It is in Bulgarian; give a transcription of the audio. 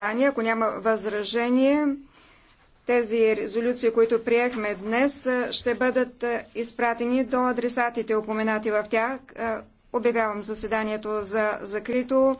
Ако няма възражение, тези резолюции, които приехме днес, ще бъдат изпратени до адресатите, упоменати в тях. Обявявам заседанието за закрито.